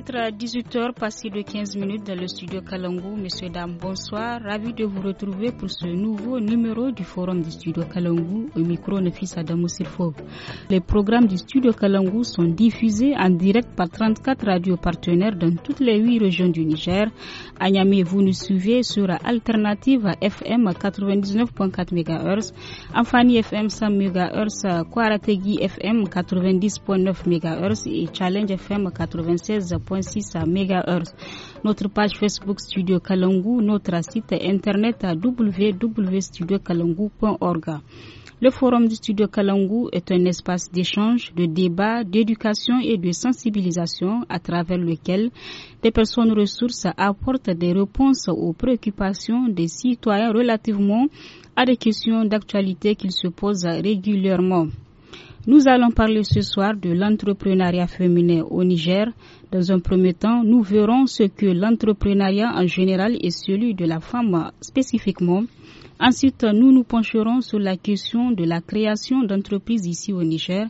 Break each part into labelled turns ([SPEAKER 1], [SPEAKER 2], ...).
[SPEAKER 1] 18h, passé de 15 minutes dans le studio Kalangou. Messieurs, dames, bonsoir. Ravi de vous retrouver pour ce nouveau numéro du forum du studio Kalangou au micro Nefis Adamo Sirfo. Les programmes du studio Kalangou sont diffusés en direct par 34 radios partenaires dans toutes les 8 régions du Niger. À vous nous suivez sur Alternative FM 99.4 MHz, Amfani FM 100 MHz, Kwarategi FM 90.9 MHz et Challenge FM 96 à Notre page Facebook Studio Kalangu, notre site internet Le forum du studio Kalangu est un espace d'échange, de débat, d'éducation et de sensibilisation à travers lequel des personnes ressources apportent des réponses aux préoccupations des citoyens relativement à des questions d'actualité qu'ils se posent régulièrement. Nous allons parler ce soir de l'entrepreneuriat féminin au Niger. Dans un premier temps, nous verrons ce que l'entrepreneuriat en général et celui de la femme spécifiquement Ensuite, nous nous pencherons sur la question de la création d'entreprises ici au Niger.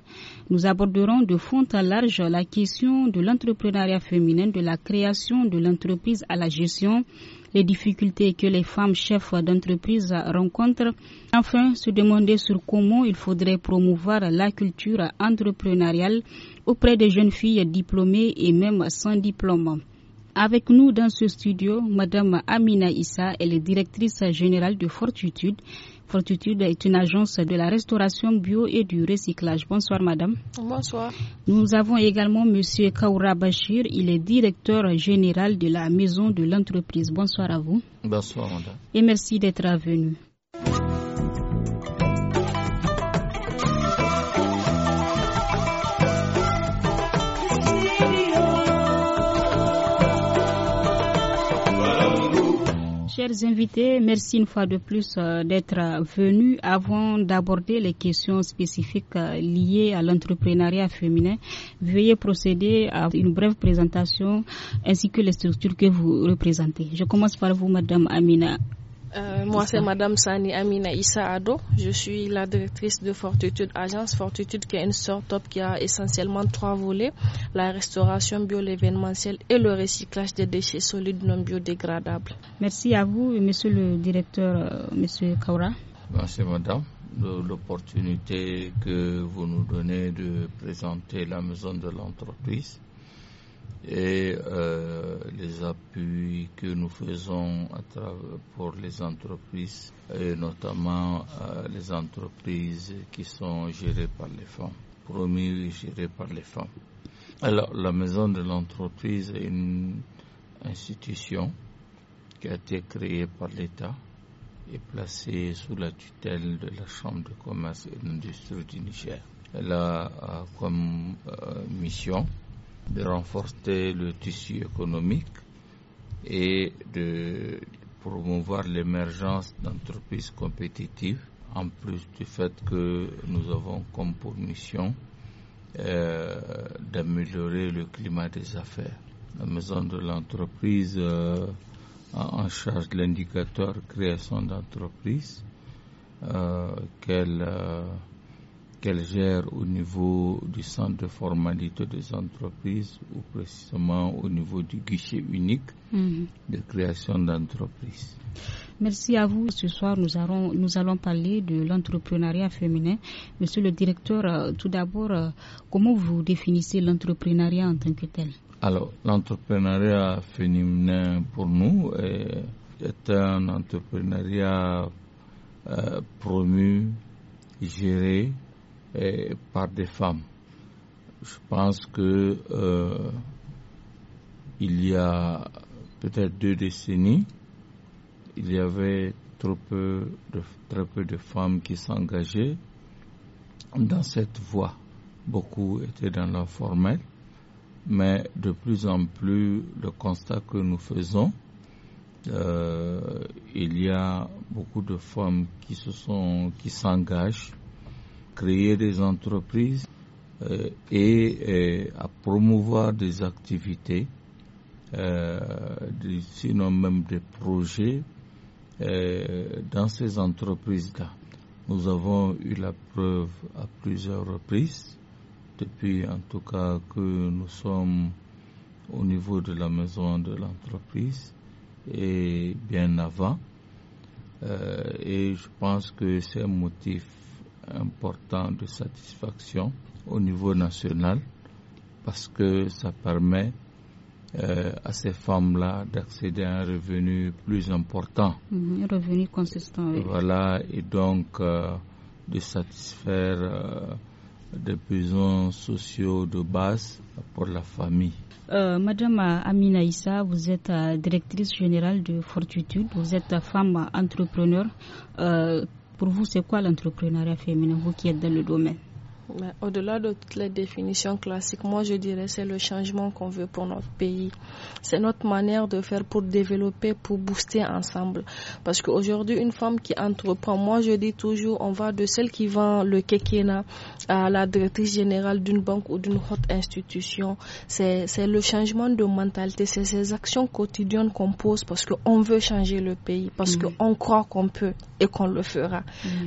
[SPEAKER 1] Nous aborderons de fond à large la question de l'entrepreneuriat féminin, de la création de l'entreprise à la gestion, les difficultés que les femmes chefs d'entreprise rencontrent. Enfin, se demander sur comment il faudrait promouvoir la culture entrepreneuriale auprès des jeunes filles diplômées et même sans diplôme. Avec nous dans ce studio, Madame Amina Issa, elle est directrice générale de Fortitude. Fortitude est une agence de la restauration bio et du recyclage. Bonsoir, Madame. Bonsoir. Nous avons également Monsieur Kaoura Bachir, il est directeur général de la maison de l'entreprise. Bonsoir à vous.
[SPEAKER 2] Bonsoir, Madame.
[SPEAKER 1] Et merci d'être venu. chers invités, merci une fois de plus euh, d'être venus. Avant d'aborder les questions spécifiques euh, liées à l'entrepreneuriat féminin, veuillez procéder à une brève présentation ainsi que les structures que vous représentez. Je commence par vous, Madame Amina
[SPEAKER 3] euh, moi, c'est Madame Sani Amina Issa Ado. Je suis la directrice de Fortitude Agence. Fortitude, qui est une start-up qui a essentiellement trois volets la restauration bio, événementielle et le recyclage des déchets solides non biodégradables.
[SPEAKER 1] Merci à vous, Monsieur le directeur, euh, Monsieur Kaura.
[SPEAKER 2] Merci, Madame de l'opportunité que vous nous donnez de présenter la maison de l'entreprise et euh, les appuis que nous faisons à travers, pour les entreprises, et notamment euh, les entreprises qui sont gérées par les femmes, promues et gérées par les femmes. Alors, la maison de l'entreprise est une institution qui a été créée par l'État et placée sous la tutelle de la Chambre de commerce et d'industrie du Niger. Elle a, euh, comme mission de renforcer le tissu économique et de promouvoir l'émergence d'entreprises compétitives, en plus du fait que nous avons comme pour mission euh, d'améliorer le climat des affaires. La maison de l'entreprise a euh, en charge l'indicateur création d'entreprise euh, qu'elle qu'elle gère au niveau du centre de formalité des entreprises ou précisément au niveau du guichet unique mhm. de création d'entreprises.
[SPEAKER 1] Merci à vous. Ce soir, nous allons, parler de l'entrepreneuriat féminin. Monsieur le directeur, euh, tout d'abord, euh, comment vous définissez l'entrepreneuriat en tant que tel
[SPEAKER 2] Alors, l'entrepreneuriat féminin pour nous est, un entrepreneuriat euh, promu, géré, par des femmes. Je pense que euh, il y a peut-être deux décennies, il y avait trop de, très peu de femmes qui s'engageaient dans cette voie. Beaucoup étaient dans la formelle, mais de plus en plus, le constat que nous faisons, euh, il y a beaucoup de femmes qui se sont, qui s'engagent créer des entreprises euh, et, euh, à promouvoir des activités, euh, sinon même des projets dans ces entreprises-là. Nous avons eu la preuve à plusieurs reprises, depuis en tout cas que nous sommes au niveau de la maison de l'entreprise et bien avant. et je pense que c'est un motif important de satisfaction au niveau national parce que ça permet euh, à ces femmes-là d'accéder à un revenu plus important.
[SPEAKER 1] un mm-hmm. revenu consistant.
[SPEAKER 2] Voilà, et donc euh, de satisfaire euh, des besoins sociaux de base pour la famille.
[SPEAKER 1] Madame Amina Issa, vous êtes directrice générale de Fortitude, vous êtes femme entrepreneur. Pour vous, c'est quoi l'entrepreneuriat féminin, vous qui êtes dans le domaine
[SPEAKER 3] au-delà de toutes les définitions classiques, moi je dirais c'est le changement qu'on veut pour notre pays. C'est notre manière de faire pour développer, pour booster ensemble. Parce qu'aujourd'hui, une femme qui entreprend, moi je dis toujours, on va de celle qui vend le kékéna à la directrice générale d'une banque ou d'une haute institution. C'est le changement de mentalité, c'est ces actions quotidiennes qu'on pose parce qu'on veut changer le pays, parce que qu'on croit qu'on peut et qu'on le fera.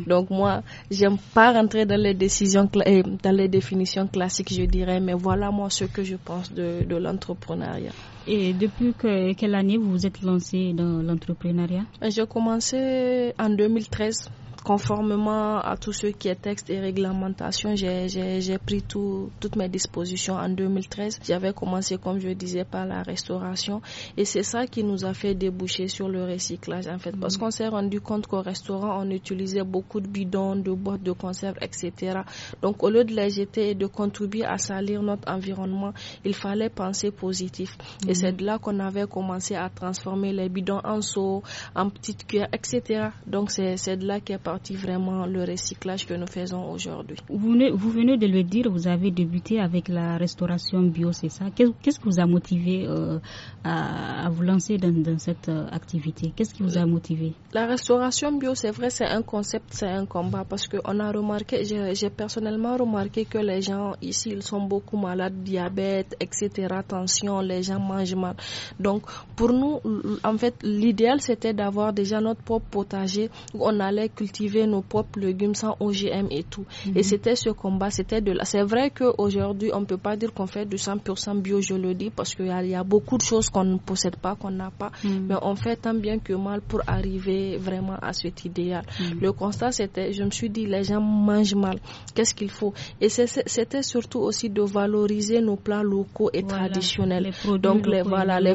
[SPEAKER 3] Donc moi, j'aime pas rentrer dans les décisions dans les définitions classiques, je dirais, mais voilà moi ce que je pense de, l'entrepreneuriat.
[SPEAKER 1] Et depuis quelle année vous vous êtes lancé dans l'entrepreneuriat
[SPEAKER 3] J'ai commencé en 2013 conformément à tout ce qui est texte et réglementation, j'ai pris tout, toutes mes dispositions en 2013. J'avais commencé, comme je disais, par la restauration et c'est ça qui nous a fait déboucher sur le recyclage en fait, parce mm-hmm. qu'on s'est rendu compte qu'au restaurant, on utilisait beaucoup de bidons, de boîtes de conserve, etc. Donc au lieu de les jeter et de contribuer à salir notre environnement, il fallait penser positif. Et mm-hmm. c'est de là qu'on avait commencé à transformer les bidons en seaux, en petites cuillères, etc. Donc c'est de là qu'est vraiment le recyclage que nous faisons aujourd'hui.
[SPEAKER 1] Vous venez, vous venez de le dire, vous avez débuté avec la restauration bio, c'est ça Qu'est-ce qui vous a motivé euh, à, vous lancer dans, cette euh, activité Qu'est-ce qui vous a euh, motivé
[SPEAKER 3] La restauration bio, c'est vrai, c'est un concept, c'est un combat parce qu'on a remarqué, j'ai personnellement remarqué que les gens ici, ils sont beaucoup malades, diabète, etc., attention, les gens mangent mal. Donc, pour nous, en fait, l'idéal, c'était d'avoir déjà notre propre potager où on allait cultiver nos propres légumes sans OGM et tout. Et mhm. c'était ce combat, c'était de C'est vrai qu'aujourd'hui, on ne peut pas dire qu'on fait du 100% bio, je le dis, parce qu'il y, y, a beaucoup de choses qu'on ne possède pas, qu'on n'a pas. Mhm. Mais on fait tant bien que mal pour arriver vraiment à cet idéal. Mhm. Le constat, c'était, je me suis dit, les gens mangent mal. Qu'est-ce qu'il faut Et c'était surtout aussi de valoriser nos plats locaux et traditionnels. Donc, les, voilà, les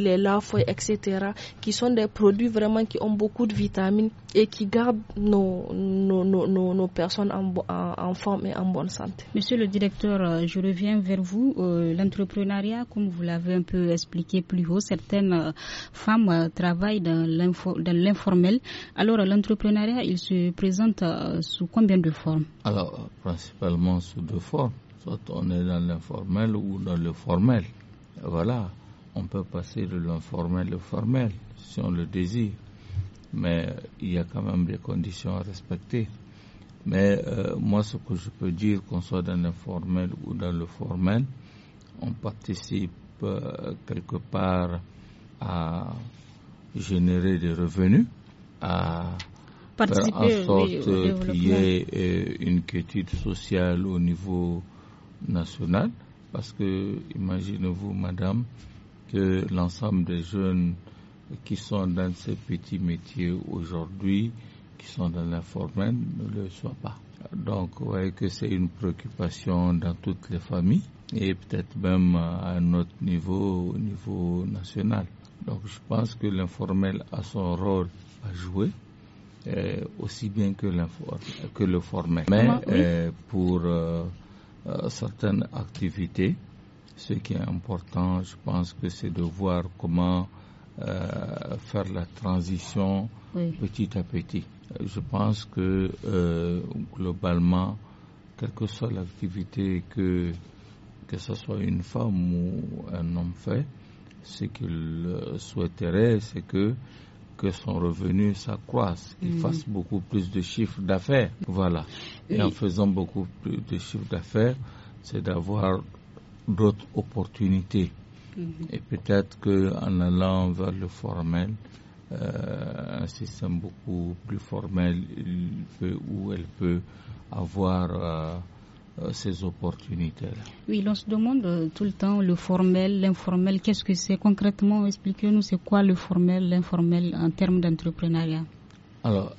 [SPEAKER 3] les lafoy, etc., qui sont des produits vraiment qui ont beaucoup de vitamines et qui gardent nos, personnes en, en, forme et en bonne santé.
[SPEAKER 1] Monsieur le directeur, euh, je reviens vers vous. Euh, l'entrepreneuriat, comme vous l'avez un peu expliqué plus haut, certaines euh, femmes travaillent dans l'informel. Alors, l'entrepreneuriat, il se présente sous combien de formes
[SPEAKER 2] Alors, principalement sous deux formes. Soit on est dans l'informel ou dans le formel. Voilà, on peut passer de l'informel au formel si on le désire mais il y a quand même des conditions à respecter. Mais euh, moi, ce que je peux dire, qu'on soit dans l'informel ou dans le formel, on participe euh, quelque part à générer des revenus, à
[SPEAKER 1] faire en sorte qu'il y ait
[SPEAKER 2] euh, une quiétude sociale au niveau national. Parce que, imaginez-vous, madame, que l'ensemble des jeunes qui sont dans ces petits métiers aujourd'hui, qui sont dans l'informel, ne le soient pas. Donc, vous voyez que c'est une préoccupation dans toutes les familles et peut-être même à notre niveau, au niveau national. Donc, je pense que l'informel a son rôle à jouer. Euh, aussi bien que, que le formel. Mais euh, pour euh, certaines activités, ce qui est important, je pense que c'est de voir comment euh, faire la transition petit à petit. Je pense que euh, globalement, quelle que soit l'activité que que ce soit une femme ou un homme fait, ce qu'il euh, souhaiterait, c'est que que son revenu s'accroisse, qu'il mm-hmm. fasse beaucoup plus de chiffres d'affaires. Voilà. Et en faisant beaucoup plus de chiffres d'affaires, c'est d'avoir d'autres opportunités et peut-être qu'en allant vers le formel, euh, un système beaucoup plus formel, il ou elle peut avoir ses euh, euh, opportunités
[SPEAKER 1] Oui, on se demande tout le temps le formel, l'informel, qu'est-ce que c'est concrètement Expliquez-nous c'est quoi le formel, l'informel en termes d'entrepreneuriat
[SPEAKER 2] Alors,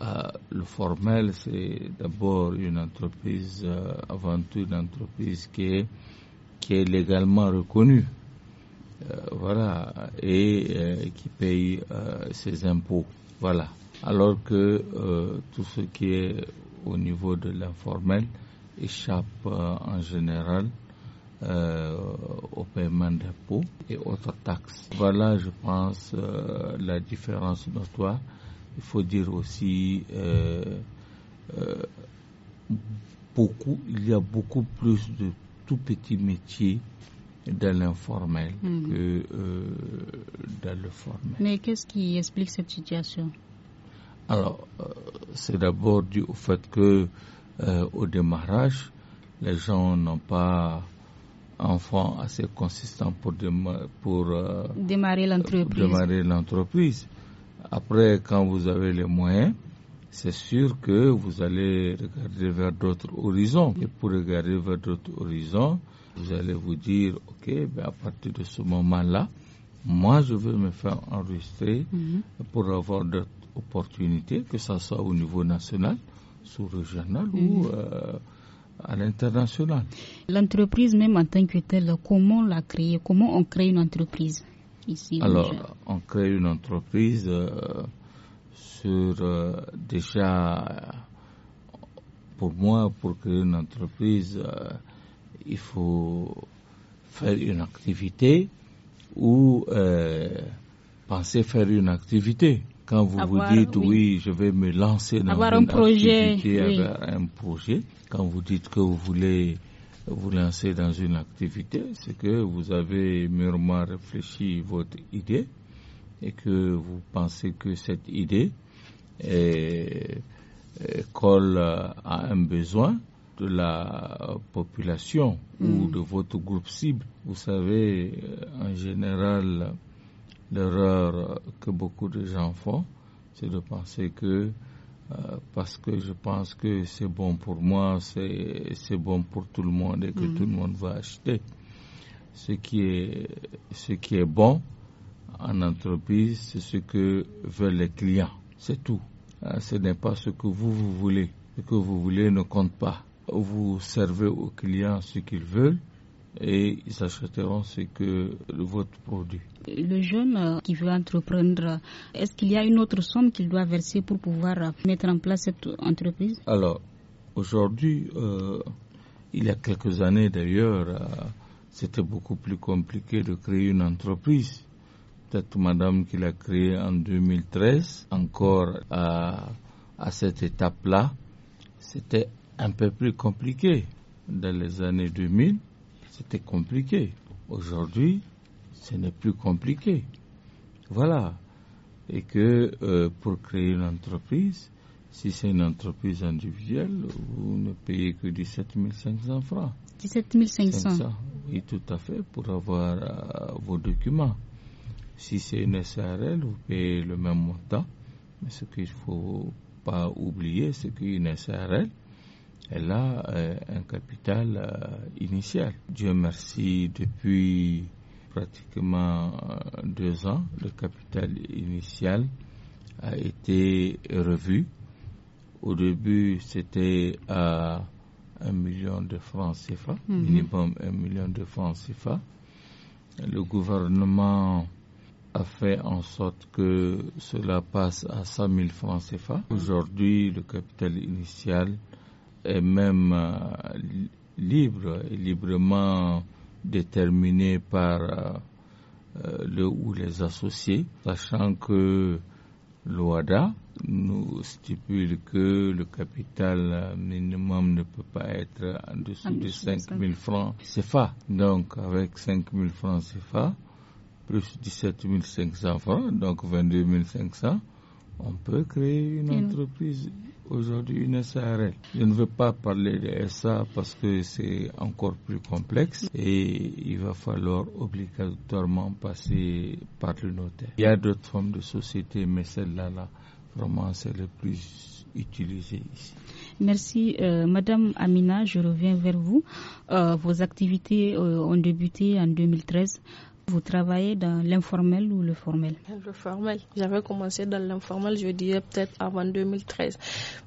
[SPEAKER 2] le formel, c'est d'abord une entreprise, avant tout une entreprise qui est légalement reconnue. Euh, voilà, et euh, qui paye euh, ses impôts. Voilà. Alors que tout ce qui est au niveau de l'informel échappe en général au paiement d'impôts et autres taxes. Voilà, je pense, la différence notoire. Il faut dire aussi beaucoup, il y a beaucoup plus de tout petits métiers dans l'informel mm. que euh, dans le formel.
[SPEAKER 1] Mais qu'est-ce qui explique cette situation
[SPEAKER 2] Alors, euh, c'est d'abord dû au fait que euh, au démarrage, les gens n'ont pas un fonds assez consistant pour, pour démarrer l'entreprise. Après, quand vous avez les moyens, c'est sûr que vous allez regarder vers d'autres horizons. Et pour regarder vers d'autres horizons, vous allez vous dire, ok, ben, à partir de ce moment-là, moi, je veux me faire enregistrer mhm. pour avoir d'autres opportunités, que ce soit au niveau national, sur régional journal ou mhm. euh, à l'international.
[SPEAKER 1] L'entreprise même en tant que telle, comment la créer Comment on crée une entreprise ici Alors,
[SPEAKER 2] on crée une entreprise euh, sur euh, déjà, pour moi, pour créer une entreprise il faut faire une activité ou euh, penser faire une activité. Quand vous vous dites oui, je vais me lancer dans une un projet, activité, avoir un projet, quand vous dites que vous voulez vous lancer dans une activité, c'est que vous avez mûrement réfléchi votre idée et que vous pensez que cette idée euh, colle à un besoin de la population ou mm. de votre groupe cible. Vous savez, euh, en général, l'erreur que beaucoup de gens font, c'est de penser que euh, parce que je pense que c'est bon pour moi, c'est bon pour tout le monde et que mm. tout le monde va acheter. Ce qui est, ce qui est bon en entreprise, c'est ce que veulent les clients. C'est tout. Euh, ce n'est pas ce que vous, vous voulez. Ce que vous voulez ne compte pas vous servez aux clients ce qu'ils veulent et ils achèteront ce que votre produit.
[SPEAKER 1] Le jeune euh, qui veut entreprendre, est-ce qu'il y a une autre somme qu'il doit verser pour pouvoir euh, mettre en place cette entreprise
[SPEAKER 2] Alors, aujourd'hui, euh, il y a quelques années d'ailleurs, c'était beaucoup plus compliqué de créer une entreprise. Peut-être madame qui l'a créée en 2013, encore à cette étape-là, c'était un peu plus compliqué. Dans les années 2000, c'était compliqué. Aujourd'hui, ce n'est plus compliqué. Voilà. Et que euh, pour créer une entreprise, si c'est une entreprise individuelle, vous ne payez que 17 500 francs.
[SPEAKER 1] 17 500.
[SPEAKER 2] oui, tout à fait, pour avoir euh, vos documents. Si c'est une SARL, vous payez le même montant. Mais ce qu'il ne faut pas oublier, c'est qu'une SARL, elle euh, a un capital euh, initial. Dieu merci, depuis pratiquement euh, deux ans, le capital initial a été revu. Au début, c'était à un million de francs CFA, mhm. minimum un million de francs CFA. Le gouvernement a fait en sorte que cela passe à 100 000 francs CFA. Aujourd'hui, le capital initial est même euh, libre, librement déterminé par euh, euh, le ou les associés, sachant que l'OADA nous stipule que le capital minimum ne peut pas être en dessous de 5 000 francs CFA. Donc, avec 5 000 francs CFA, plus 17 500 francs, donc 22 500, on peut créer une entreprise aujourd'hui une SARL. Je ne veux pas parler de SA parce que c'est encore plus complexe et il va falloir obligatoirement passer par le notaire. Il y a d'autres formes de société, mais celle-là, là, vraiment, c'est le plus utilisé ici.
[SPEAKER 1] Merci. Euh, Madame Amina, je reviens vers vous. Euh, vos activités euh, ont débuté en 2013. Vous travaillez dans l'informel ou le formel
[SPEAKER 3] Le formel. J'avais commencé dans l'informel, je dirais peut-être avant 2013.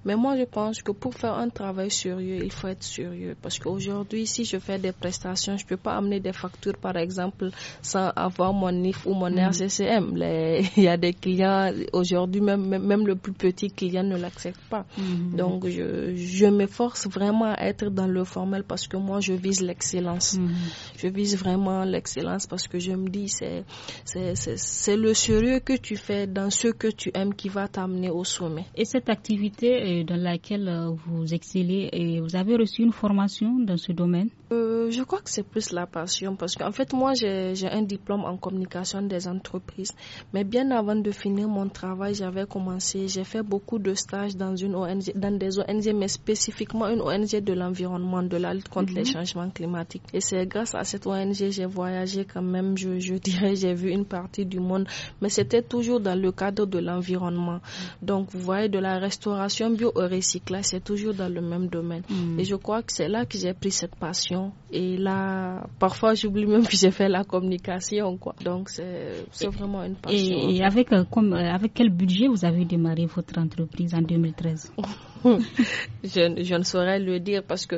[SPEAKER 3] Mais moi, je pense que pour faire un travail sérieux, il faut être sérieux. Parce qu'aujourd'hui, si je fais des prestations, je ne peux pas amener des factures, par exemple, sans avoir mon IF ou mon RCCM. Mm. Il y a des clients, aujourd'hui, même, le plus petit client ne l'accepte pas.
[SPEAKER 4] Mm-hmm. Donc,
[SPEAKER 3] je, m'efforce vraiment à être dans le formel parce que moi, je vise l'excellence. Mm-hmm. Je vise vraiment l'excellence parce que je je me dis, c'est, c'est, le sérieux que tu fais dans ce que tu aimes qui va t'amener au sommet. Et cette activité euh, dans
[SPEAKER 1] laquelle euh, vous excellez, et vous avez reçu une formation dans ce domaine
[SPEAKER 3] euh, Je crois que c'est plus la passion parce qu'en fait, moi, j'ai, un diplôme en communication des entreprises. Mais bien avant de finir mon travail, j'avais commencé, j'ai fait beaucoup de stages dans une ONG, dans des ONG, mais spécifiquement une ONG de l'environnement, de la lutte contre mhm. les changements climatiques. Et c'est grâce à cette ONG, j'ai voyagé quand même, je, dirais, j'ai vu une partie du monde, mais c'était toujours dans le cadre de l'environnement. Donc, vous voyez, de la restauration bio au recyclage, c'est toujours dans le même domaine. Hmm. Et je crois que c'est là que j'ai pris cette passion. Et là, parfois, j'oublie même que j'ai fait la communication, Donc, c'est vraiment une passion. Et, euh,
[SPEAKER 1] euh, avec quel budget vous avez démarré votre entreprise en 2013
[SPEAKER 3] je, ne saurais le dire parce que,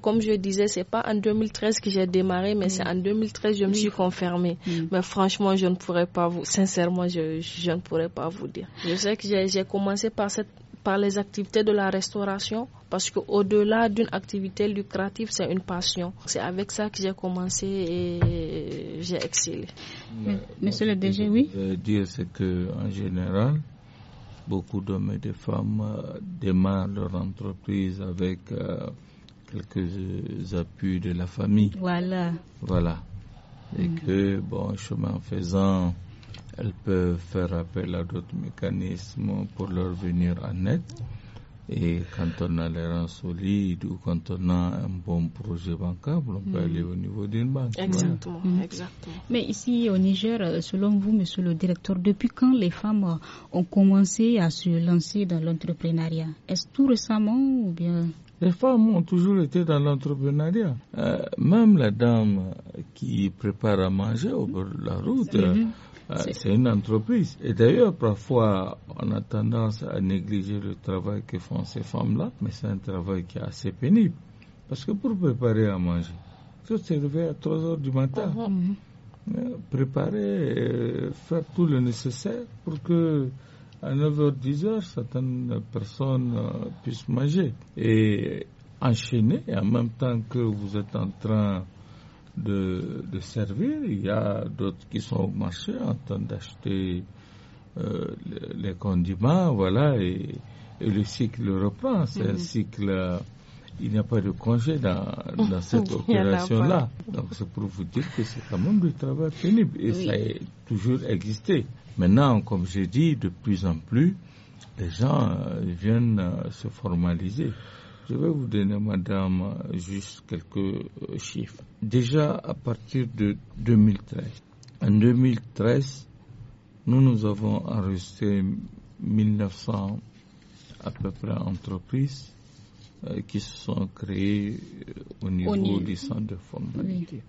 [SPEAKER 3] comme je disais, c'est pas en 2013 que j'ai démarré, mais c'est mm. en 2013 je me suis confirmée. Mm. Mais franchement, je ne pourrais pas vous, sincèrement, je, je ne pourrais pas vous dire. Je sais que j'ai commencé par cette par les activités de la restauration parce qu'au-delà d'une activité lucrative, c'est une passion. C'est avec ça que j'ai commencé et j'ai excellé. Monsieur le DG, oui.
[SPEAKER 2] Dire c'est que en général, beaucoup d'hommes et de femmes euh, démarrent leur entreprise avec euh, quelques euh, appuis de la famille. Voilà. Voilà. Et mm. que, bon, chemin faisant, elles peuvent faire appel à d'autres mécanismes pour leur venir en aide. Et quand on a les rangs solides ou quand on a un bon projet bancable, on peut hmm. aller au niveau d'une banque. Hmm.
[SPEAKER 1] Exactement, Mais ici au Niger, selon vous, monsieur le directeur, depuis quand les femmes ont commencé à se lancer dans l'entrepreneuriat Est-ce tout récemment ou bien
[SPEAKER 2] les femmes ont toujours été dans l'entrepreneuriat. Euh, même la dame qui prépare à manger au bord de la route, mhm. Euh, c'est une entreprise. Et d'ailleurs, parfois, on a tendance à négliger le travail que font ces femmes-là, mais c'est un travail qui est assez pénible. Parce que pour préparer à manger, il faut se lever à 3 heures du matin, mhm. euh, préparer, euh, faire tout le nécessaire pour que à 9h, 10 heures certaines personnes puissent manger. Et enchaîner, en même temps que vous êtes en train de, servir. Il y a d'autres qui sont au marché en train d'acheter euh, les condiments, voilà, et, le cycle reprend. C'est un mhm. cycle. Euh, il n'y a pas de congé dans, cette opération-là. Donc c'est pour vous dire que c'est quand même du travail pénible et ça a toujours existé. Maintenant, comme j'ai dit, de plus en plus, les gens euh, viennent se formaliser. Je vais vous donner, madame, juste quelques chiffres déjà à partir de 2013. En 2013, nous, nous avons enregistré 1900 à peu près entreprises euh, qui se sont créées euh, au niveau, du centre de formation.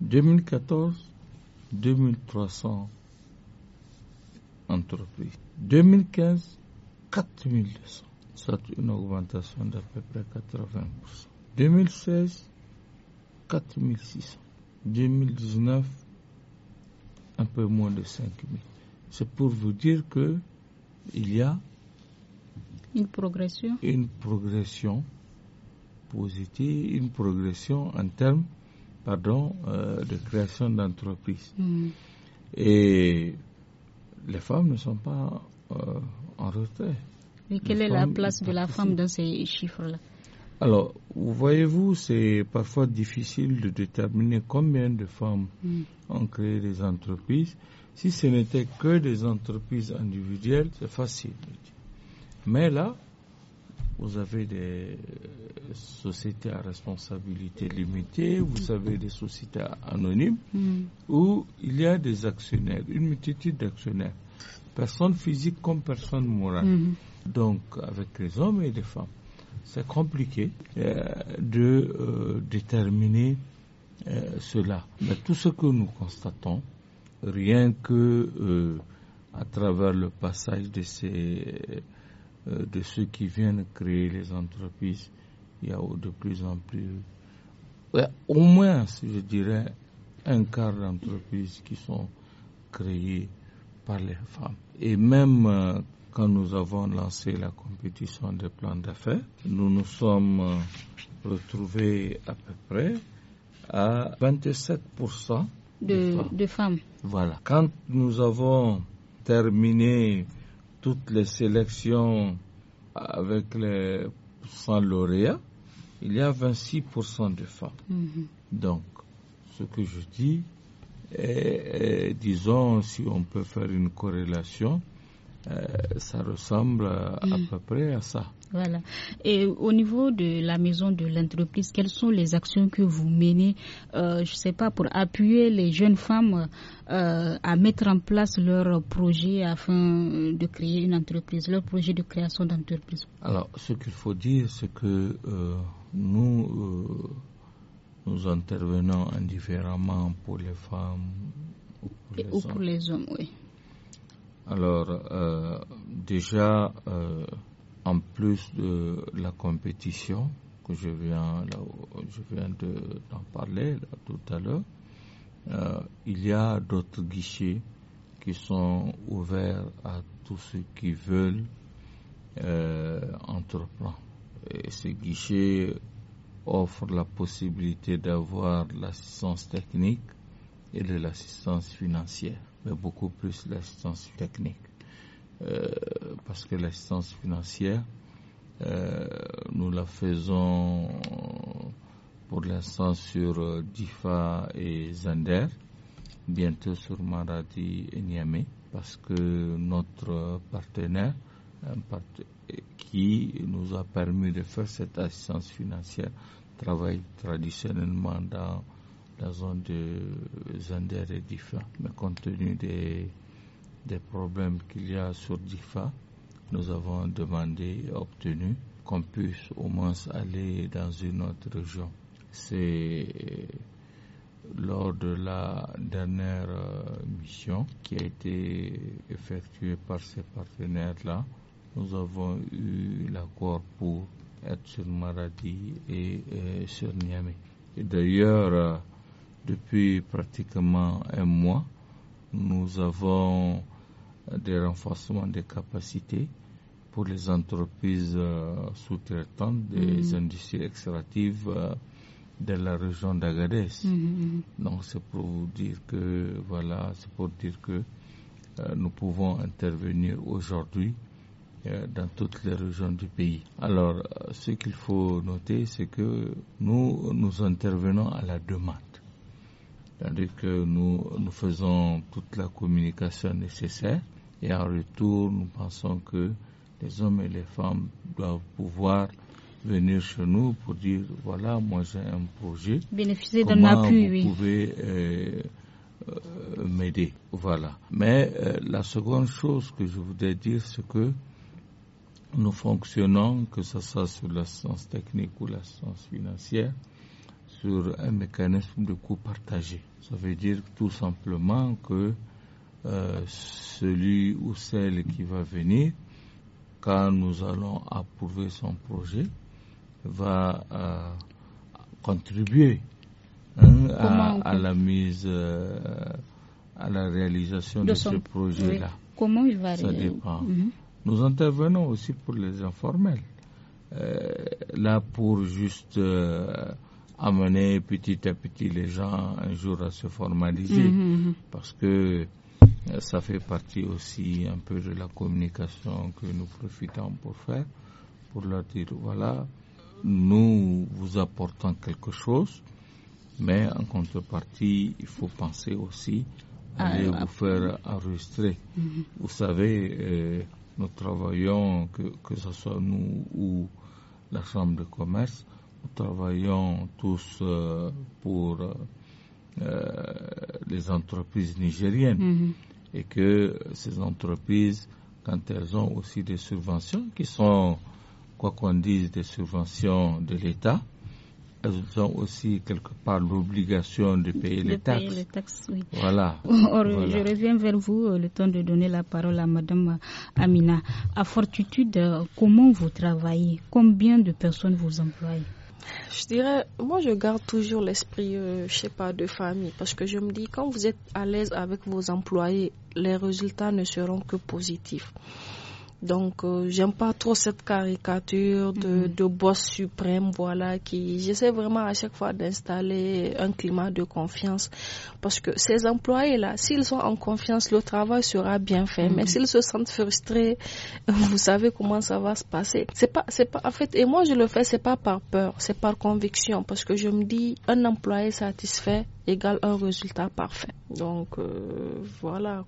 [SPEAKER 2] 2014, 2300 entreprises. 2015, 4200. C'est une augmentation d'à peu près 80%. 2016, 4600. 2019, un peu moins de 5000. C'est pour vous dire que il y a une progression. positive, une progression en termes pardon, euh, de création d'entreprises. Mm. Et les femmes ne sont pas euh, en retrait.
[SPEAKER 1] Mais quelle est la place de la femme dans ces chiffres-là
[SPEAKER 2] alors, voyez-vous, c'est parfois difficile de déterminer combien de femmes mm. ont créé des entreprises. Si ce n'était que des entreprises individuelles, c'est facile. Mais là, vous avez des euh, sociétés à responsabilité limitée, vous avez des sociétés anonymes, mm. où il y a des actionnaires, une multitude d'actionnaires, personnes physiques comme personnes morales, mm. donc avec les hommes et les femmes c'est compliqué euh, de euh, déterminer euh, cela. Mais tout ce que nous constatons, rien que à travers le passage de ces de ceux qui viennent créer les entreprises, il y a de plus en plus, au moins, je dirais, un quart d'entreprises qui sont créées par les femmes. Et même quand nous avons lancé la compétition des plans d'affaires, nous nous sommes euh, retrouvés à peu près à 27%
[SPEAKER 1] de, femmes.
[SPEAKER 2] Voilà. Quand nous avons terminé toutes les sélections avec les 100 lauréats, il y a 26% de femmes. Mhm. Donc, ce que je dis, est, disons, si on peut faire une corrélation, euh, ça ressemble euh, à mm. peu près à ça.
[SPEAKER 1] Voilà. Et au niveau de la maison de l'entreprise, quelles sont les actions que vous menez, euh, je ne sais pas, pour appuyer les jeunes femmes à mettre en place leur projet afin de créer une entreprise, leur projet de création d'entreprise
[SPEAKER 2] Alors, ce qu'il faut dire, c'est que nous, nous intervenons indifféremment pour les femmes
[SPEAKER 1] Ou pour les hommes oui.
[SPEAKER 2] Alors, euh, déjà, euh, en plus de la compétition, que je viens, je d'en parler tout à l'heure, euh, il y a d'autres guichets qui sont ouverts à tous ceux qui veulent entreprendre. Et ces guichets offrent la possibilité d'avoir l'assistance technique et de l'assistance financière mais beaucoup plus l'assistance technique. Euh, parce que l'assistance financière, euh, nous la faisons pour l'instant sur euh, DIFA et Zander, bientôt sur Maradi et Niamey, parce que notre partenaire, qui nous a permis de faire cette assistance financière, travaille traditionnellement dans la zone de Zander et d'IFA. Mais compte tenu des, des problèmes qu'il y a sur d'IFA, nous avons demandé et obtenu qu'on puisse au moins aller dans une autre région. C'est lors de la dernière euh, mission qui a été effectuée par ces partenaires-là, nous avons eu l'accord pour être sur Maradi et, et euh, sur Niamey. D'ailleurs, euh, depuis pratiquement un mois, nous avons des renforcements des capacités pour les entreprises euh, sous-traitantes des mm-hmm. industries extractives euh, de la région d'Agadez.
[SPEAKER 4] Mm-hmm.
[SPEAKER 2] Donc c'est pour vous dire que voilà, c'est pour dire que euh, nous pouvons intervenir aujourd'hui dans toutes les régions du pays. Alors ce qu'il faut noter, c'est que nous nous intervenons à la demande. C'est-à-dire que nous, faisons toute la communication nécessaire et en retour, nous pensons que les hommes et les femmes doivent pouvoir venir chez nous pour dire voilà, moi j'ai un projet. Bénéficier vous pouvez euh, m'aider. Voilà. Mais euh, la seconde chose que je voudrais dire, c'est que nous fonctionnons, que ce soit sur l'assistance technique ou l'assistance financière, sur un mécanisme de coût partagé. Ça veut dire tout simplement que euh, celui ou celle qui va venir, quand nous allons approuver son projet, va euh, contribuer hein, à, la mise, euh, à la réalisation de, ce projet-là.
[SPEAKER 1] Comment il va Ça dépend. Mhm.
[SPEAKER 2] Nous intervenons aussi pour les informels. là, pour juste amener petit à petit les gens un jour à se formaliser mm-hmm, mm-hmm. parce que euh, ça fait partie aussi un peu de la communication que nous profitons pour faire, pour leur dire voilà, nous vous apportons quelque chose, mais en contrepartie, il faut penser aussi à ah, ah. vous faire enregistrer. Mm-hmm. Vous savez, euh, nous travaillons, que ce soit nous ou la Chambre de commerce, nous travaillons tous euh, pour euh, les entreprises nigériennes mm-hmm. et que ces entreprises, quand elles ont aussi des subventions qui sont, quoi qu'on dise, des subventions de l'État, elles ont aussi quelque part l'obligation de payer les taxes. voilà. Je
[SPEAKER 1] reviens vers vous, euh, le temps de donner la parole à Madame Amina. À Fortitude, comment vous travaillez Combien de personnes vous employez
[SPEAKER 3] je dirais, moi je garde toujours l'esprit, euh, je sais pas, de famille, parce que je me dis, quand vous êtes à l'aise avec vos employés, les résultats ne seront que positifs. Donc, euh, j'aime pas trop cette caricature mhm. de, boss suprême, voilà, qui j'essaie vraiment à chaque fois d'installer un climat de confiance, parce que ces employés-là, s'ils sont en confiance, le travail sera bien fait. Mhm. Mais s'ils se sentent frustrés, vous savez comment ça va se passer. C'est pas, c'est pas, en fait, et moi je le fais, c'est pas par peur, c'est par conviction, parce que je me dis, un employé satisfait égale un résultat parfait. Donc euh, voilà.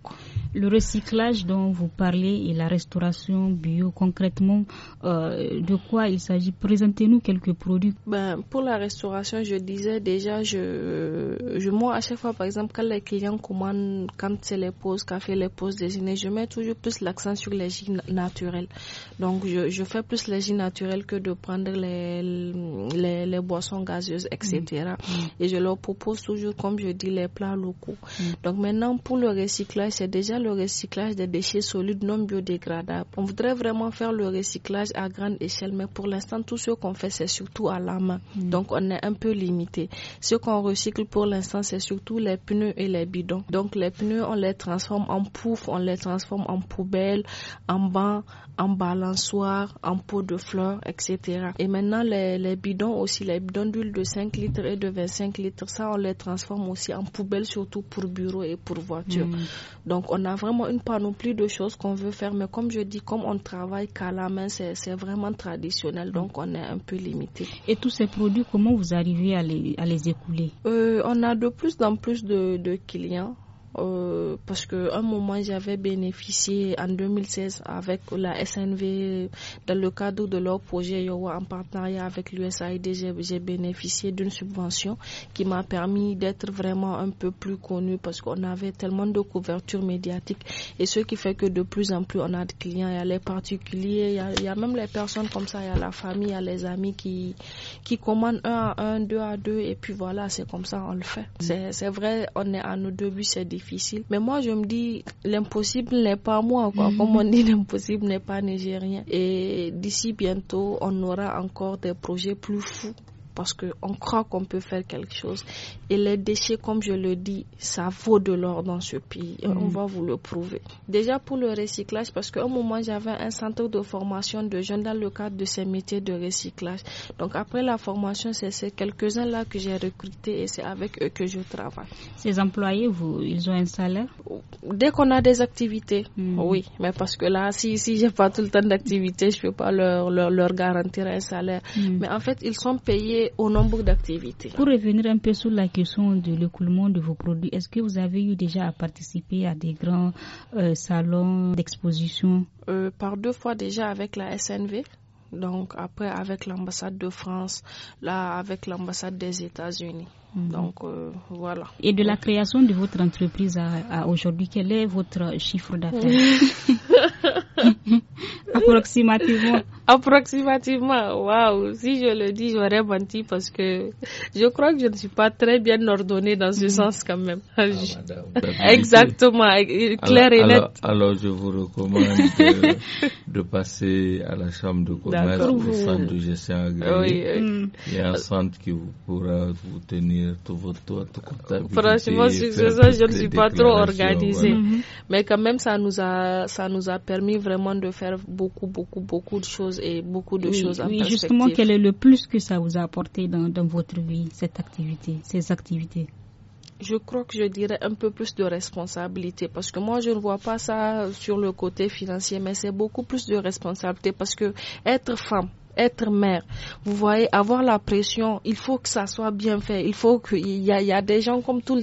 [SPEAKER 1] Le recyclage dont vous parlez et la restauration bio, concrètement, euh, de quoi il s'agit Présentez-nous quelques produits.
[SPEAKER 3] Ben, pour la restauration, je disais déjà, je, je, moi, à chaque fois, par exemple, quand les clients commandent, quand c'est les pauses café, les pauses déjeuner, je mets toujours plus l'accent sur les naturelle. naturels. Donc je, fais plus les naturelle naturels que de prendre les, boissons gazeuses, etc. Mm. Et je leur propose toujours comme je dis, les plats locaux. Mm. Donc maintenant, pour le recyclage, c'est déjà le recyclage des déchets solides non biodégradables. On voudrait vraiment faire le recyclage à grande échelle, mais pour l'instant, tout ce qu'on fait, c'est surtout à la main. Mm. Donc on est un peu limité. Ce qu'on recycle pour l'instant, c'est surtout les pneus et les bidons. Donc les pneus, on les transforme en pouf, on les transforme en poubelle, en banc, en balançoire, en pot de fleurs, etc. Et maintenant, les, les bidons aussi, les bidons d'huile de 5 litres et de 25 litres, ça, on les transforme transforme aussi en poubelle, surtout pour bureau et pour voiture. Mm. Donc, on a vraiment une panoplie de choses qu'on veut faire, mais comme je dis, comme on travaille qu'à la main, c'est vraiment traditionnel, mm. donc on est un peu limité.
[SPEAKER 1] Et tous ces produits, comment vous arrivez à les, à les écouler
[SPEAKER 3] euh, On a de plus en plus de, de clients euh, parce que un moment j'avais bénéficié en 2016 avec la SNV dans le cadre de leur projet Yowa en partenariat avec l'USAID j'ai bénéficié d'une subvention qui m'a permis d'être vraiment un peu plus connue parce qu'on avait tellement de couverture médiatique et ce qui fait que de plus en plus on a de clients il y a les particuliers il y a, même les personnes comme ça il y a la famille il y a les amis qui qui commandent un à un deux à deux et puis voilà c'est comme ça on le fait mm. c'est vrai on est à nos débuts c'est mais moi, je me dis, l'impossible n'est pas moi, mhm. Comme on dit, l'impossible n'est pas nigérien. Et d'ici bientôt, on aura encore des projets plus fous parce qu'on croit qu'on peut faire quelque chose. Et les déchets, comme je le dis, ça vaut de l'or dans ce pays. on mm. va vous le prouver. Déjà pour le recyclage, parce qu'à un moment, j'avais un centre de formation de jeunes dans le cadre de ces métiers de recyclage. Donc après la formation, c'est ces quelques-uns là que j'ai recrutés et c'est avec eux que je travaille. Ces employés, ils ont un salaire Dès qu'on a des activités, mm. oui. Mais parce que là, si, si j'ai pas tout le temps d'activité, je peux pas leur, leur, garantir un salaire. Mm. Mais en fait, ils sont payés au nombre d'activités. Pour revenir
[SPEAKER 1] un peu sur la question de l'écoulement de vos produits, est-ce que vous avez eu déjà à participer à des grands euh, salons d'exposition
[SPEAKER 3] euh, Par deux fois déjà avec la SNV. Donc après avec l'ambassade de France, là avec l'ambassade des États-Unis. Mhm. Donc euh, voilà. Et de la
[SPEAKER 1] création de votre entreprise à, à aujourd'hui, quel est votre chiffre d'affaires Approximativement.
[SPEAKER 3] Approximativement, waouh. Si je le dis, j'aurais menti parce que je crois que je ne suis pas très bien ordonnée dans ce mm-hmm. sens quand même. Ah,
[SPEAKER 2] Exactement,
[SPEAKER 3] euh, clair et net.
[SPEAKER 2] Alors, je vous recommande de, passer à la chambre de commerce au centre de gestion agricole. Mm. Il y a un centre qui vous pourra vous tenir tout votre toit, tout Franchement, je ne suis pas trop organisée. Mm-hmm.
[SPEAKER 3] Mais quand même, ça nous a, ça nous a permis vraiment de faire beaucoup, beaucoup, beaucoup de choses et beaucoup de choses à oui, Justement, quel est
[SPEAKER 1] le plus que ça vous a apporté dans, dans votre vie, cette activité, ces activités
[SPEAKER 3] je crois que je dirais un peu plus de responsabilité parce que moi je ne vois pas ça sur le côté financier mais c'est beaucoup plus de responsabilité parce que être femme être mère, vous voyez, avoir la pression, il faut que ça soit bien fait. Il faut qu'il y, y a, des gens comme tout,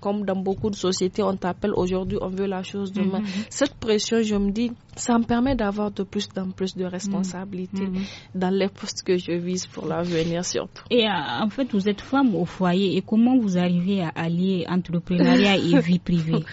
[SPEAKER 3] comme dans beaucoup de sociétés, on t'appelle aujourd'hui, on veut la chose demain. Mm-hmm. Cette pression, je me dis, ça me permet d'avoir de plus en plus de responsabilités mm-hmm. Mm-hmm. dans les postes que je vise pour l'avenir surtout. Et euh, en
[SPEAKER 1] fait, vous êtes femme au foyer et comment vous arrivez à allier entrepreneuriat et vie privée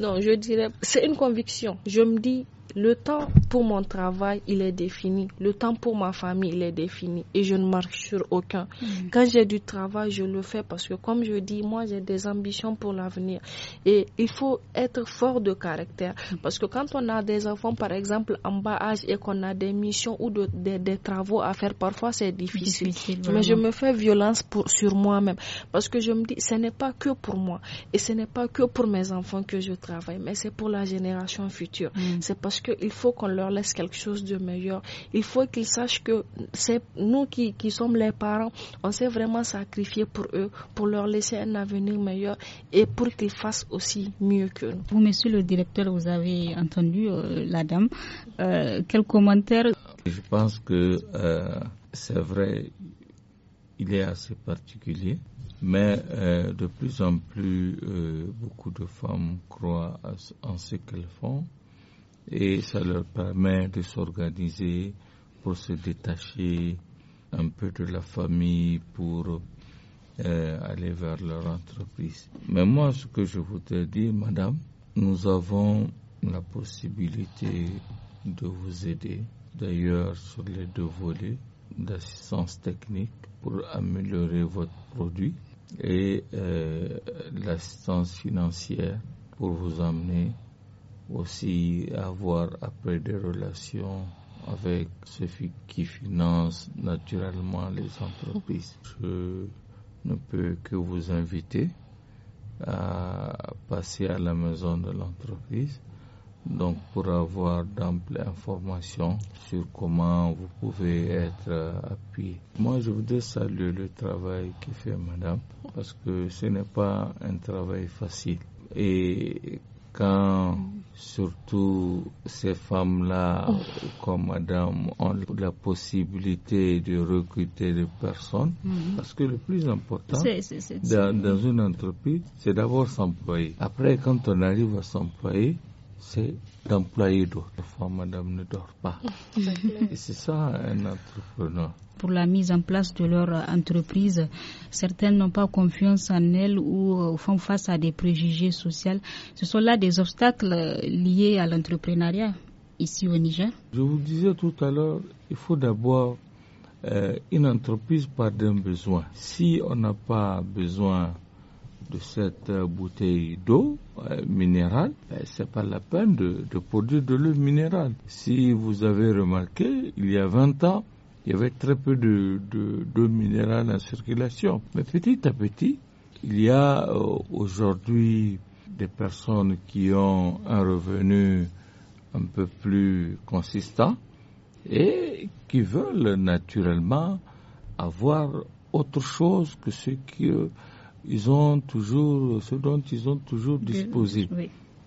[SPEAKER 3] Non, je dirais, c'est une conviction. Je me dis, le temps pour mon travail, il est défini. Le temps pour ma famille, il est défini. Et je ne marche sur aucun. Mhm. Quand j'ai du travail, je le fais parce que, comme je dis, moi, j'ai des ambitions pour l'avenir. Et il faut être fort de caractère. Parce que quand on a des enfants, par exemple, en bas âge et qu'on a des missions ou des travaux à faire, parfois c'est difficile. Mais je me fais violence pour, sur moi-même. Parce que je me dis, ce n'est pas que pour moi. Et ce n'est pas que pour mes enfants que je travaille. Mais c'est pour la génération future. Mhm. C'est parce que il faut qu'on leur laisse quelque chose de meilleur. Il faut qu'ils sachent que c'est nous qui, qui sommes les parents, on s'est vraiment sacrifié pour eux, pour leur laisser un avenir meilleur et pour qu'ils fassent aussi mieux que nous.
[SPEAKER 1] Vous, monsieur le directeur, vous avez entendu euh, la dame. Euh, quel commentaire
[SPEAKER 2] Je pense que euh, c'est vrai, il est assez particulier. Mais de plus en plus, beaucoup de femmes croient en ce qu'elles font et ça leur permet de s'organiser pour se détacher un peu de la famille, pour euh, aller vers leur entreprise. Mais moi, ce que je voudrais dire, madame, nous avons la possibilité de vous aider, d'ailleurs sur les deux volets, d'assistance technique pour améliorer votre produit et euh, l'assistance financière pour vous amener aussi avoir après des relations avec ceux qui financent naturellement les entreprises. Je ne peux que vous inviter à passer à la maison de l'entreprise donc pour avoir d'amples informations sur comment vous pouvez être appuyé. Moi, je voudrais saluer le travail qu'il fait Madame, parce que ce n'est pas un travail facile. Et quand surtout ces femmes-là, oh. comme madame, ont la possibilité de recruter des personnes. Mm-hmm. Parce que le plus important dans, une entreprise, c'est d'abord s'employer. Après, quand on arrive à s'employer, c'est d'employer d'autres. Parfois, madame ne dort pas.
[SPEAKER 1] Et
[SPEAKER 2] c'est ça, un entrepreneur
[SPEAKER 1] pour la mise en place de leur entreprise. Certaines n'ont pas confiance en elles ou euh, font face à des préjugés sociaux. Ce sont là des obstacles euh, liés à l'entrepreneuriat
[SPEAKER 2] ici au Niger. Je vous disais tout à l'heure, il faut d'abord euh, une entreprise par d'un besoin. Si on n'a pas besoin de cette bouteille d'eau minérale, ce c'est pas la peine de, de produire de l'eau minérale. Si vous avez remarqué, il y a 20 ans, il y avait très peu de, de, en circulation. Mais petit à petit, il y a euh, aujourd'hui des personnes qui ont un revenu un peu plus consistant et qui veulent naturellement avoir autre chose que ce ont toujours, ce dont ils ont toujours euh, disposé.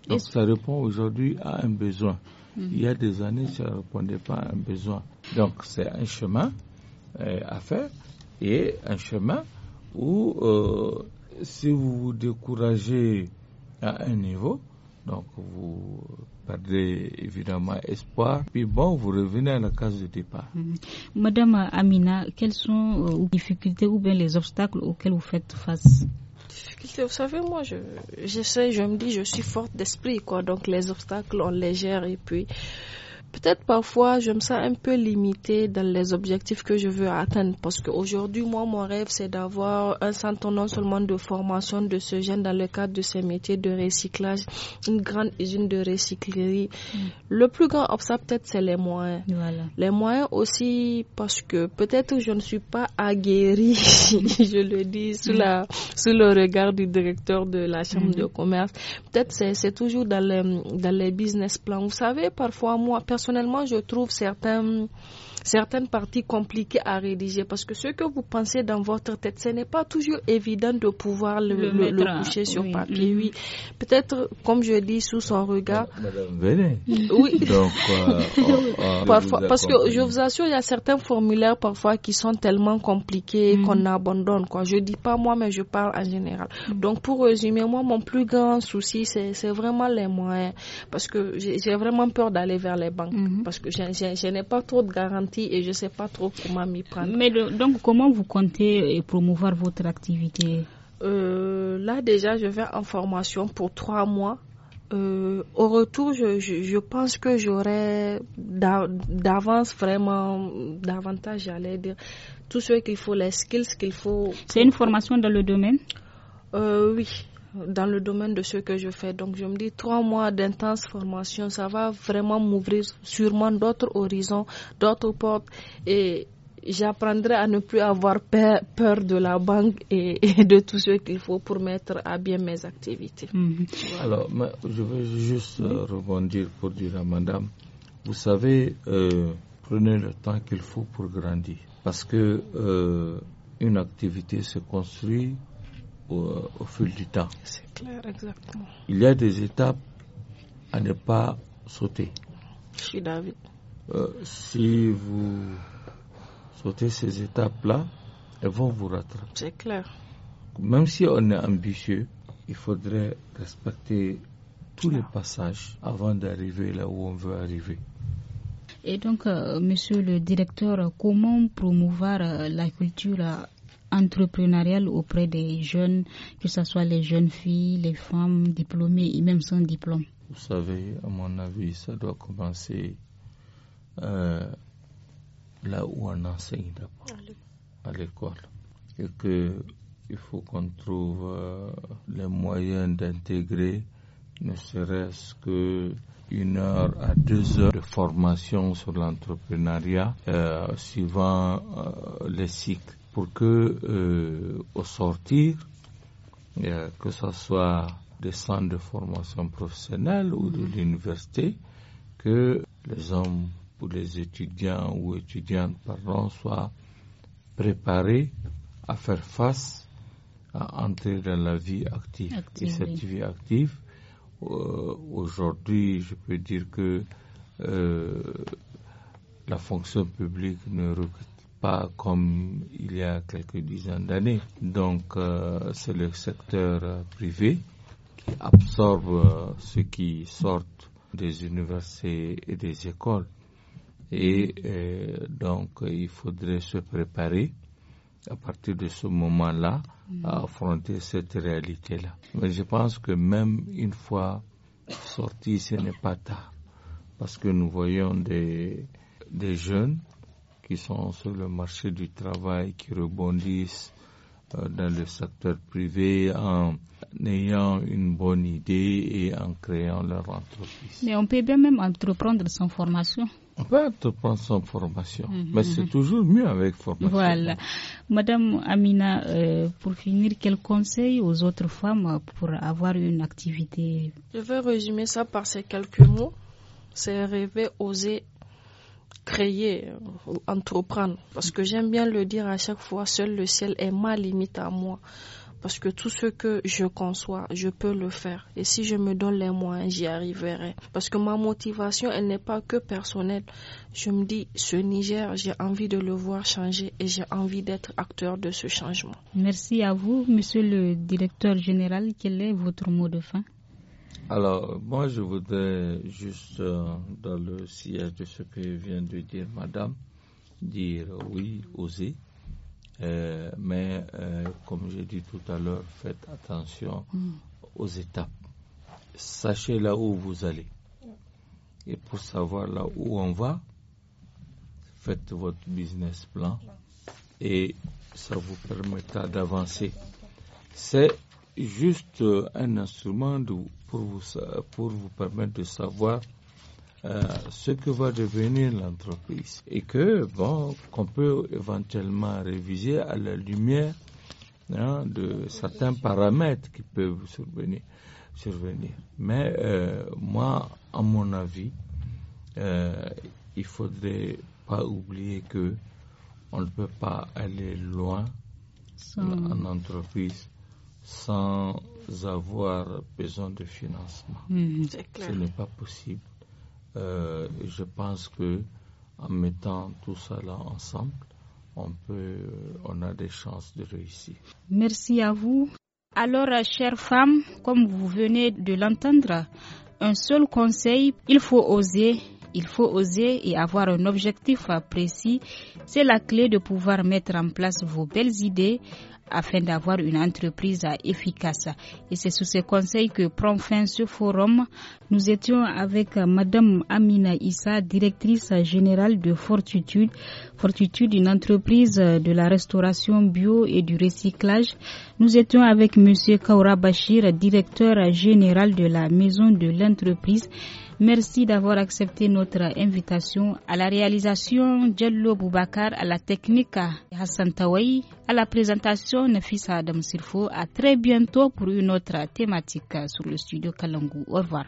[SPEAKER 2] Donc ça répond aujourd'hui à un besoin. Hum. Il y a des années, ça ne répondait pas à un besoin. Donc c'est un chemin euh, à faire et un chemin où euh, si vous vous découragez à un niveau, donc vous perdez évidemment espoir, puis bon, vous revenez à la case de départ. Mhm.
[SPEAKER 1] Madame Amina, quelles sont les euh, difficultés ou bien les obstacles auxquels vous faites face
[SPEAKER 3] difficultés. Vous savez, moi, j'essaie, je, je, me dis, je suis forte d'esprit, quoi. Donc, les obstacles, on les gère. Et puis, peut-être parfois je me sens un peu limitée dans les objectifs que je veux atteindre parce qu'aujourd'hui moi mon rêve c'est d'avoir un centre non seulement de formation de ce genre dans le cadre de ces métiers de recyclage, une grande usine de recyclerie. Mm. Le plus grand obstacle peut-être c'est les moyens. Voilà. Les moyens aussi parce que peut-être je ne suis pas aguerrie, je le dis sous la mm. sous le regard du directeur de la chambre mm. de commerce. Peut-être c'est toujours dans les dans les business plans. Vous savez parfois moi personnellement, je trouve certains certaines parties compliquées à rédiger parce que ce que vous pensez dans votre tête, ce n'est pas toujours évident de pouvoir le, le, coucher sur papier. Oui, peut-être comme je dis sous son regard.
[SPEAKER 2] Madame oui. Euh, parce que je
[SPEAKER 3] vous assure, il y a certains formulaires parfois qui sont tellement compliqués mm. qu'on abandonne. Quoi. Je dis pas moi, mais je parle en général. Mm. Donc pour résumer, moi, mon plus grand souci, c'est vraiment les moyens parce que j'ai vraiment peur d'aller vers les banques mm-hmm. parce que je n'ai pas trop de garantie et je ne sais pas trop comment m'y prendre. Mais donc,
[SPEAKER 1] comment vous comptez euh, promouvoir votre activité
[SPEAKER 3] euh, Là, déjà, je vais en formation pour trois mois. Euh, au retour, je, je, pense que j'aurai d'avance vraiment davantage, j'allais dire, tout ce qu'il faut, les skills qu'il faut.
[SPEAKER 1] C'est une formation dans le domaine
[SPEAKER 3] euh, Oui, dans le domaine de ce que je fais. Donc je me dis trois mois d'intense formation, ça va vraiment m'ouvrir sûrement d'autres horizons, d'autres portes et j'apprendrai à ne plus avoir peur, de la banque et, de tout ce qu'il faut pour mettre à bien mes activités.
[SPEAKER 4] Mhm.
[SPEAKER 2] Alors, je veux juste euh, rebondir pour dire à madame, vous savez, euh, prenez le temps qu'il faut pour grandir parce que euh, une activité se construit au, fil du temps. C'est Il y a des étapes à ne pas sauter. David. Euh, si vous sautez ces étapes-là, elles vont vous rattraper. C'est clair. Même si on est ambitieux, il faudrait respecter tous les passages avant d'arriver là où on veut arriver.
[SPEAKER 1] Et donc, euh, monsieur le directeur, comment promouvoir euh, la culture entrepreneurial auprès des jeunes, que ce soit les jeunes filles, les femmes diplômées et même sans
[SPEAKER 2] diplôme Vous savez, à mon avis, ça doit commencer euh, là où on enseigne d'abord, à l'école. Et que il faut qu'on trouve euh, les moyens d'intégrer ne serait-ce que une heure à deux heures de formation sur l'entrepreneuriat euh, suivant les cycles pour que, euh, au sortir, euh, que ce soit des centres de formation professionnelle ou de l'université, que les hommes ou les étudiants ou étudiantes soient préparés à faire face à entrer dans la vie active. Et cette vie active, euh, aujourd'hui, je peux dire que la fonction publique ne recrute pas comme il y a quelques dizaines d'années. Donc euh, c'est le secteur euh, privé qui absorbe euh, ceux ce qui sort des universités et des écoles. Et donc il faudrait se préparer à partir de ce moment-là mm. à affronter cette réalité-là. Mais je pense que même une fois sorti, ce n'est pas tard. Parce que nous voyons des jeunes qui sont sur le marché du travail, qui rebondissent euh, dans le secteur privé en ayant une bonne idée et en créant leur entreprise.
[SPEAKER 1] Mais on peut bien même entreprendre sans formation.
[SPEAKER 2] On peut entreprendre sans formation, mhm, mais c'est mhm. toujours mieux avec formation. Voilà.
[SPEAKER 1] Madame Amina, euh, pour finir, quel conseil aux autres femmes pour avoir une activité
[SPEAKER 3] Je vais résumer ça par ces quelques mots. C'est rêver, oser créer ou euh, entreprendre. Parce que j'aime bien le dire à chaque fois, seul le ciel est ma limite à moi. Parce que tout ce que je conçois, je peux le faire. Et si je me donne les moyens, j'y arriverai. Parce que ma motivation, elle n'est pas que personnelle. Je me dis, ce Niger, j'ai envie de le voir changer et j'ai envie d'être acteur de ce changement.
[SPEAKER 1] Merci à vous, monsieur le directeur général. Quel est votre mot de fin?
[SPEAKER 2] Alors, moi, je voudrais juste, euh, dans le siège de ce que vient de dire Madame, dire oui, oser. Euh, mais, euh, comme j'ai dit tout à l'heure, faites attention mm. aux étapes. Sachez là où vous allez. Et pour savoir là où on va, faites votre business plan et ça vous permettra d'avancer. C'est juste un instrument de pour vous, pour vous permettre de savoir euh, ce que va devenir l'entreprise et que bon qu'on peut éventuellement réviser à la lumière hein, de certains paramètres qui peuvent survenir. Mais euh, moi, à mon avis, il euh, il faudrait pas oublier que on ne peut pas aller loin en entreprise sans avoir besoin de financement. Hmm, Ce n'est pas possible. Euh, je pense que en mettant tout cela ensemble, on peut, on a des chances de réussir.
[SPEAKER 1] Merci à vous. Alors, chère femme, comme vous venez de l'entendre, un seul conseil, il faut oser il faut oser et avoir un objectif précis. C'est la clé de pouvoir mettre en place vos belles idées afin d'avoir une entreprise efficace. Et c'est sous ces conseils que prend fin ce forum. Nous étions avec Madame Amina Issa, directrice générale de Fortitude. Fortitude, une entreprise de la restauration bio et du recyclage. Nous étions avec Monsieur Kaura Bachir, directeur général de la maison de l'entreprise. Merci d'avoir accepté notre invitation à la réalisation Jello Boubacar, à la technique Hassan Tawai, à la présentation Nafisa Adam Sirfo. À très bientôt pour une autre thématique sur le studio Kalangou. Au revoir.